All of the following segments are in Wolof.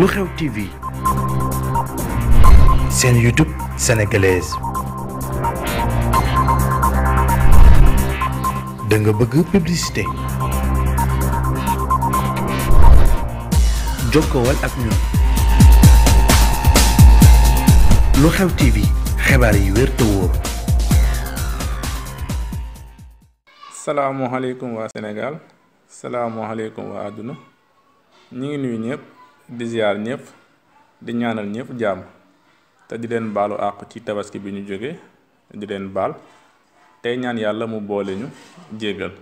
lu xew TV seen YouTube sénégalaise da nga bëgg publicité jokkowal ak ñun lu xew TV xibaar yi wér te wóor. salaamualeykum waa Sénégal salaamualeykum waa àdduna ñu ngi nuyu ñëpp. di ziar ñëpp di ñaanal ñëpp jàmm te di leen baalu àq ci tabaski bi ñu jóge di leen baal tey ñaan yàlla mu boole ñu jéggal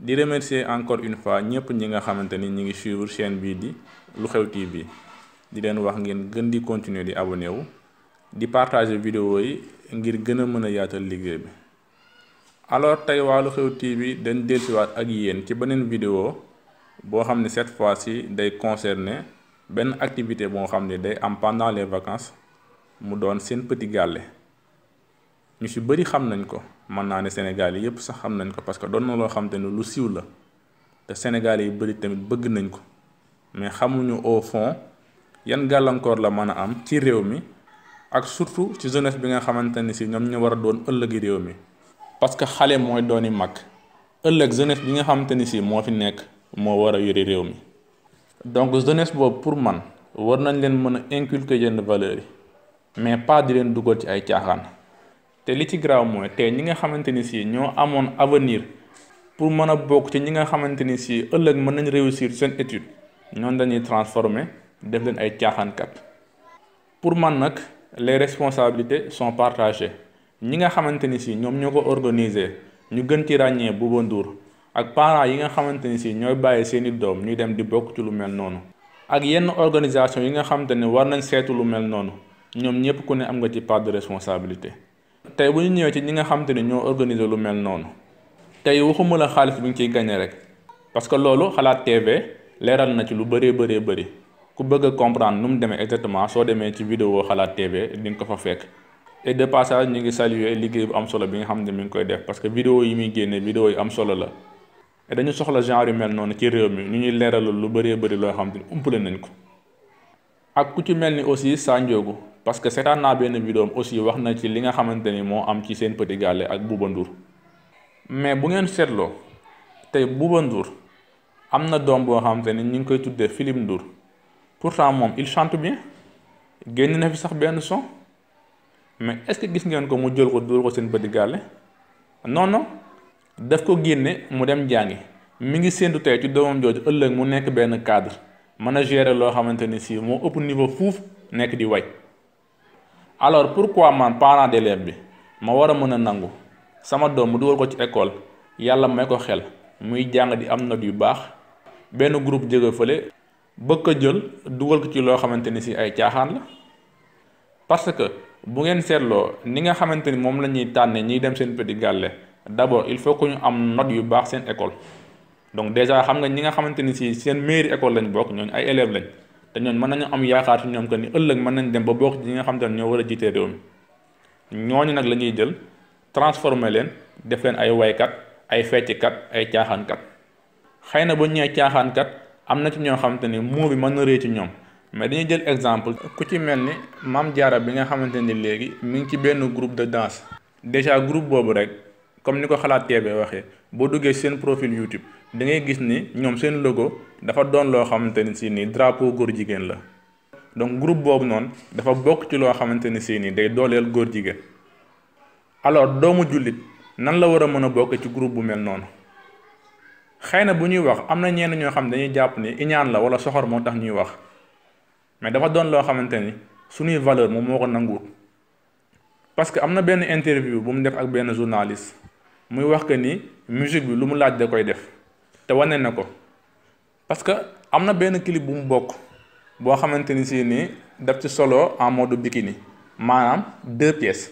di remercier encore une fois ñëpp ñi nga xamante ni ñi ngi suivre chaîne bii di lu xew TV di leen wax ngeen gën di continuer di abonné wu di partage vidéo yi ngir gën a mën a yaatal liggéey bi alors tey waa lu xew TV dañ dellusiwaat ak yéen ci beneen vidéo boo xam ne cette fois-ci day concerner benn activité boo xam ne day am pendant les vacances mu doon seen petit gàlle ñu ci bëri xam nañ ko mën naa ne Sénégal yi yëpp sax xam nañ ko parce que doon na loo xam te ne lu siiw la te Sénégal yi bëri tamit bëgg nañ ko mais xamuñu au fond yan gàllankoor la mën a am ci réew mi ak surtout ci jeunesse bi nga xamante ne si ñoom ñu war a doon ëllëg réew mi parce que xale mooy dooni mag ëllëg jeunesse bi nga xamante ni si moo fi nekk moo war a yore réew mi donc jeunesse boobu pour man war nañ leen mën a inculquer yenn valeurs yi mais pas di leen dugal ci ay caaxaan te li ci graaw mooy tey ñi nga xamante ni si ñoo amoon avenir pour mën a bokk ci ñi nga xamante ni si ëllëg mën nañ réussir seen étude ñoon dañuy transformer def leen ay caaxaankat pour man nag les responsabilités son partagées ñi nga xamante ni si ñoom ñoo ko organiser ñu gën ci ràññee Bouba nduur ak parents yi nga xamante ni si ñooy bàyyi seeni doom ñuy dem di bokk ci lu mel noonu ak yenn organisation yi nga xamante ne war nañ seetu lu mel noonu ñoom ñëpp ku ne am nga ci part de responsabilité tey bu ñu ñëwee ci ñi nga xamante ni ñoo organiser lu mel noonu tey waxuma la xaalis bi nga ciy gañe rek parce que loolu xalaat TV leeral na ci lu bëree bëree bëri ku bëgg a comprendre nu mu demee exactement soo demee ci vidéo xalaat TV di nga ko fa fekk et de passage ñu ngi saluer liggéey bu am bi nga xam ne koy def parce que vidéo yi muy génne vidéo yi am solo la te dañu soxla genre yu mel noonu ci réew mi ñu ñuy leeralal lu bëree bëri loo xam ne umpale nañ ko ak ku ci mel ni aussi Sa Ndiogou parce que seetaan naa benn bi doom aussi wax na ci li nga xamante ni moo am ci seen Petit ak Bouba Ndour mais bu ngeen seetloo tey Bouba Ndour am na doom boo xamante ni ñu ngi koy tuddee Philippe pour pourtant moom il chante bien génn na fi sax benn son mais est-ce gis ngeen ko mu jël ko dugal ko seen Petit Gallé def ko génne mu dem jàngi mu ngi séntu tey ci doomam jooju ëllëg mu nekk benn cadre mën a gérer loo xamante ni si moo ëpp niveau fuuf nekk di way alors pourquoi man parent d'élève bi ma war a mën a nangu sama doom mu dugal ko ci école yàlla may ko xel muy jàng di am note yu baax benn groupe jóge fële bëgg ko jël dugal ko ci loo xamante ni si ay caaxaan la parce que bu ngeen seetloo ni nga xamante ni moom la ñuy tànnee ñiy dem seen petit gàlle d'abord il faut que ñu am note yu baax seen école donc déjà xam nga ñi nga xamante ni si seen mairie école lañ bokk ñooñu ay élèves lañ te ñooñu mën nañu am yaakaar ci ñoom que ni ëllëg mën nañ dem ba bokk ci ñi nga xamante ne ñoo war a jiitee réew mi ñooñu nag la ñuy jël transformer leen def leen ay waykat ay fecckat ay caaxaankat xëy na ba ñu nee caaxaankat am na ci ñoo xamante ni moo bi mën na rëy ci ñoom mais dañuy jël exemple ku ci mel ni maam Diarra bi nga xamante ni léegi mi ngi ci benn groupe de danse déjà groupe boobu rek. comme ni ko xalaat TV waxee boo duggee seen profil YouTube da ngay gis ni ñoom seen logo dafa doon loo xamante ni si nii drapeau góor jigéen la donc groupe boobu noonu dafa bokk ci loo xamante ni si nii day dooleel góor jigéen alors doomu jullit nan la war a mën a bokk ci groupe bu mel noonu xëy na bu ñuy wax am na ñenn ñoo xam dañuy jàpp ni iñaan la wala soxor moo tax ñuy wax mais dafa doon loo xamante ni suñuy valeur moom moo ko nanguwut parce que am na benn interview bu mu def ak benn journaliste. muy wax que ni musique bi lu mu laaj da koy def te wane na ko parce que am na benn clip bu mu bokk boo xamante ni si ni daf ci solo en mode bikini maanaam deux pièces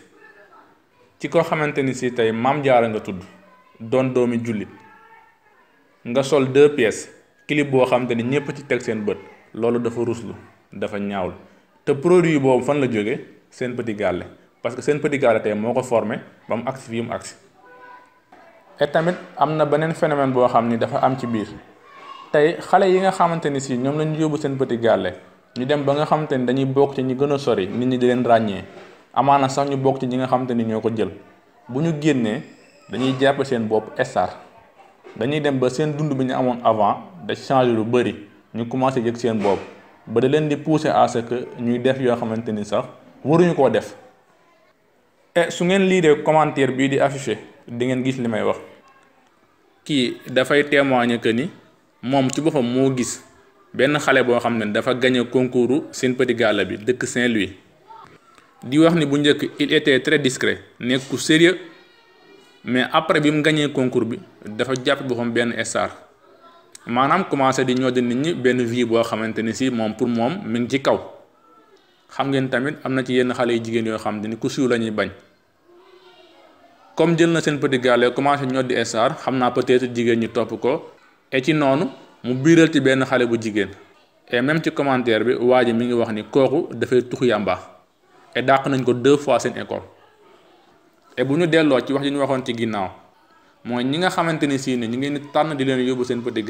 ci koo xamante ni si tey maam jaara nga tudd doon doomi jullit nga sol deux pièces clip boo xamante ni ñëpp ci teg seen bët loolu dafa ruslu dafa ñaawlu te produit boobu fan la jóge seen petit gàlle parce que seen petit gàlle tey moo ko formé ba mu agsi fii mu agsi et tamit am na beneen phénomène boo xam ni dafa am ci biir tey xale yi nga xamante ni si ñoom la ñu yóbbu seen petit gàlle ñu dem ba nga xamante ni dañuy bokk ci ñi gën a sori nit ñi di leen ràññee amaana sax ñu bokk ci ñi nga xamante ni ñoo ko jël bu ñu génnee dañuy jàpp seen bopp star dañuy dem ba seen dund bi ñu amoon avant da changé lu bari ñu commencé yëg seen bopp ba da leen di pousser à ce ñuy def yoo xamante ni sax waruñu koo def. e su ngeen liiree commentaire bii di affiché di ngeen gis li may wax. kii dafay témoigner que ni moom ci boppam moo gis benn xale boo xam ne dafa gagné concours Sen Petit Gallé bi dëkk Saint-Louis di wax ni bu njëkk il était très discret nekk sérieux mais après bi mu gagné concours bi dafa jàpp boppam benn star maanaam commencé di ñoo di nit ñi benn vie boo xamante ni si moom pour moom mi ngi ci kaw xam ngeen tamit am na ci yenn xale yu jigéen yoo xam ne ku siiw la ñuy bañ. comme jël na seen petit gaale commencé ñoo di star xam naa peut-être jigéen ñi topp ko et ci noonu mu biiral ci benn xale bu jigéen et même ci commentaire bi waa ji mi ngi wax ni kooku dafay tux yàmba et dàq nañ ko deux fois seen école et bu ñu delloo ci wax yi ñu waxoon ci ginnaaw mooy ñi nga xamante ni si ñu ngi tànn di leen yóbbu seen petit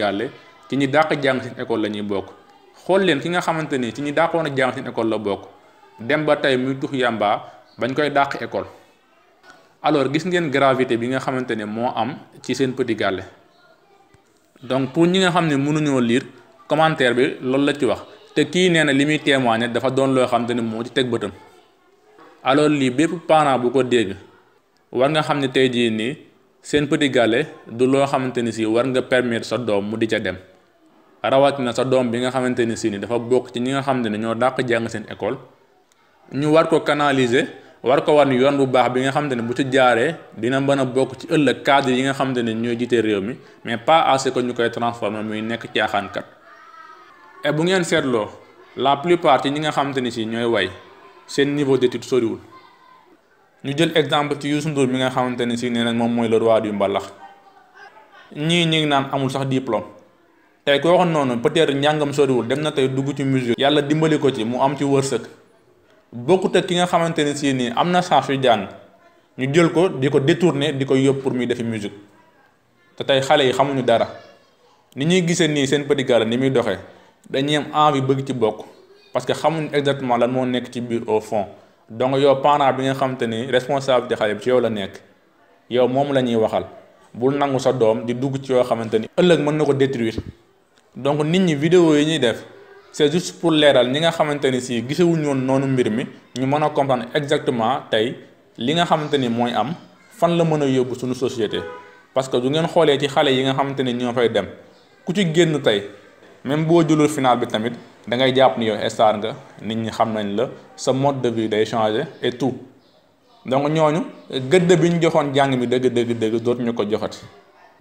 ci ñi dàq jàng seen école la ñuy bokk xool leen ki nga xamante ni ci ñi dàqoon a jàng seen école la bokk dem ba tey muy tux yàmba bañ koy dàq école. alors gis ngeen gravité bi nga xamante ne moo am ci seen petit donc pour ñi nga xam ne mënuñoo liir commentaire bi loolu la ci wax te kii nee na li muy témoigner dafa doon loo xamante te ne moo ci teg bëtam alors lii bépp parent bu ko dégg war nga xam ne tey jii nii seen petit du loo xamante ni si war nga permettre sa doom mu di ca dem rawatina sa doom bi nga xamante ni si ni dafa bokk ci ñi nga xam ne ñoo dàq jàng seen école ñu war ko canaliser. war ko wan yoon bu baax bi nga xamante ne bu ci jaaree dina mën a bokk ci ëllëg cadre yi nga xamante ne ñooy jiite réew mi mais pas assez ko ñu koy transformer muy nekk caaxaankat et bu ngeen seetloo la plupart ci ñi nga xamante ni si ñooy way seen niveau d'étude soriwul ñu jël exemple ci Youssou Ndour mi nga xamante ne si nee nañ moom mooy le roi du mbalax ñii ñi ngi naan amul sax diplôme tey ko waxoon noonu peut-être njàngam soriwul dem na tey dugg ci musique yàlla dimbali ko ci mu am ci wërsëg bokkut ak ki nga xamante ne si nii am na chance yu ñu jël ko di ko détourner di ko yóbbu pour muy defi musique te tey xale yi xamuñu dara ni ñuy gisee nii seen Petit Gallé ni muy doxee dañuy am envie bëgg ci bokk parce que xamuñu exactement lan moo nekk ci biir au fond donc yow parent bi nga xamante ni responsabilité xale bi ci yow la nekk yow moom la ñuy waxal bul nangu sa doom di dugg ci yoo xamante ni ëllëg mën na ko détruire donc nit ñi vidéo yi ñuy def. c'est juste pour leeral ñi nga xamante ni si gisewuñu woon noonu mbir mi ñu mën a comprendre exactement tey li nga xamante ni mooy am fan la mën a yóbbu suñu société parce que du ngeen xoolee ci xale yi nga xamante ni ñoo fay dem ku ci génn tey même boo jëlul final bi tamit da ngay jàpp ni yow star nga nit ñi xam nañ la sa mode de vie day changer et tout donc ñooñu gëdd bi ñu joxoon jàng mi dëgg dëgg dëgg dootuñu ko joxati.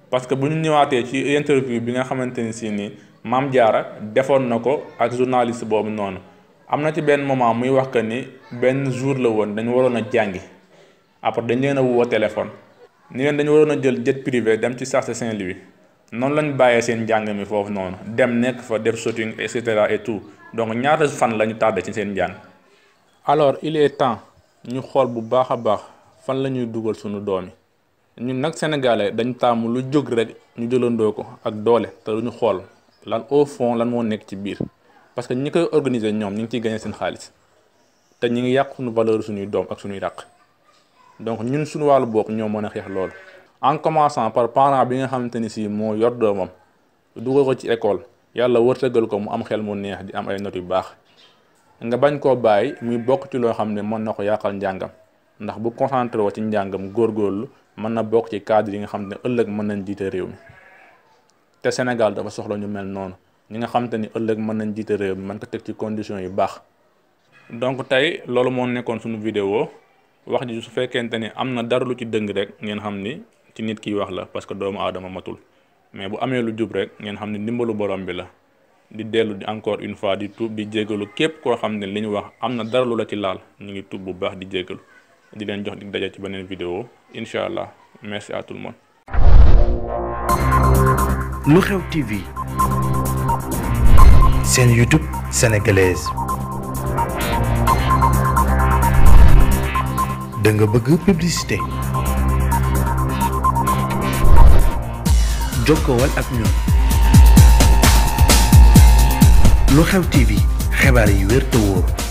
parce que bu ñu ñëwaatee ci interview bi nga xamante ni si ni maam Diarra defoon na ko ak journaliste boobu noonu am na ci benn moment muy wax que ni benn jour la woon dañu waroon a jàngi après dañ leen a woo téléphone ni leen dañu waroon a jël jet privé dem ci Sarcé Saint-Louis noonu lañu bàyyee seen njàng mi foofu noonu dem nekk fa def shooting et cetera et tout donc ñaata fan la ñu tardé ci seen njàng. alors il est temps ñu xool bu baax a baax fan la ñuy dugal sunu doom yi ñun nag sénégalais dañu taamu lu jóg rek ñu jëlandoo ko ak doole te lu ñu xool lan au fond lan moo nekk ci biir parce que ñi koy organiser ñoom ñu ngi ciy gagné seen xaalis te ñi ngi yàq suñu valeur suñuy doom ak suñuy ràq donc ñun suñu wàllu bopp ñoo mën a xeex loolu en commençant par parent bi nga xamante ni si moo yor doomam dugal ko ci école yàlla wërtëgal ko mu am xel mu neex di am ay not yu baax nga bañ koo bàyyi muy bokk ci loo xam ne mën na ko yàqal njàngam ndax bu concentré woo ci njàngam góorgóorlu mën na bokk ci cadre yi nga xam ne ëllëg mën nañ jiite réew mi te Sénégal dafa soxla ñu mel noonu ñi nga xam ni ëllëg mën nañ jiite réew mi mën ko teg ci conditions yu baax. donc tey loolu moo nekkoon suñu vidéo wax ji su fekkente ni am na dara lu ci dëng rek ngeen xam ni ci nit kiy wax la parce que doomu aadama matul mais bu amee lu jub rek ngeen xam ni ndimbalu borom bi la. di dellu di encore une fois di tuub di jégalu képp koo xam ne li ñu wax am na dara lu la ci laal ñu ngi tuub bu baax di jégalu. di leen jox dig ci beneen vidéo incha allah merci à tout lu xew TV seen YouTube sénégalaise da nga bëgg publicité jokkowal ak ñun lu xew TV xibaar yi wér te wóor.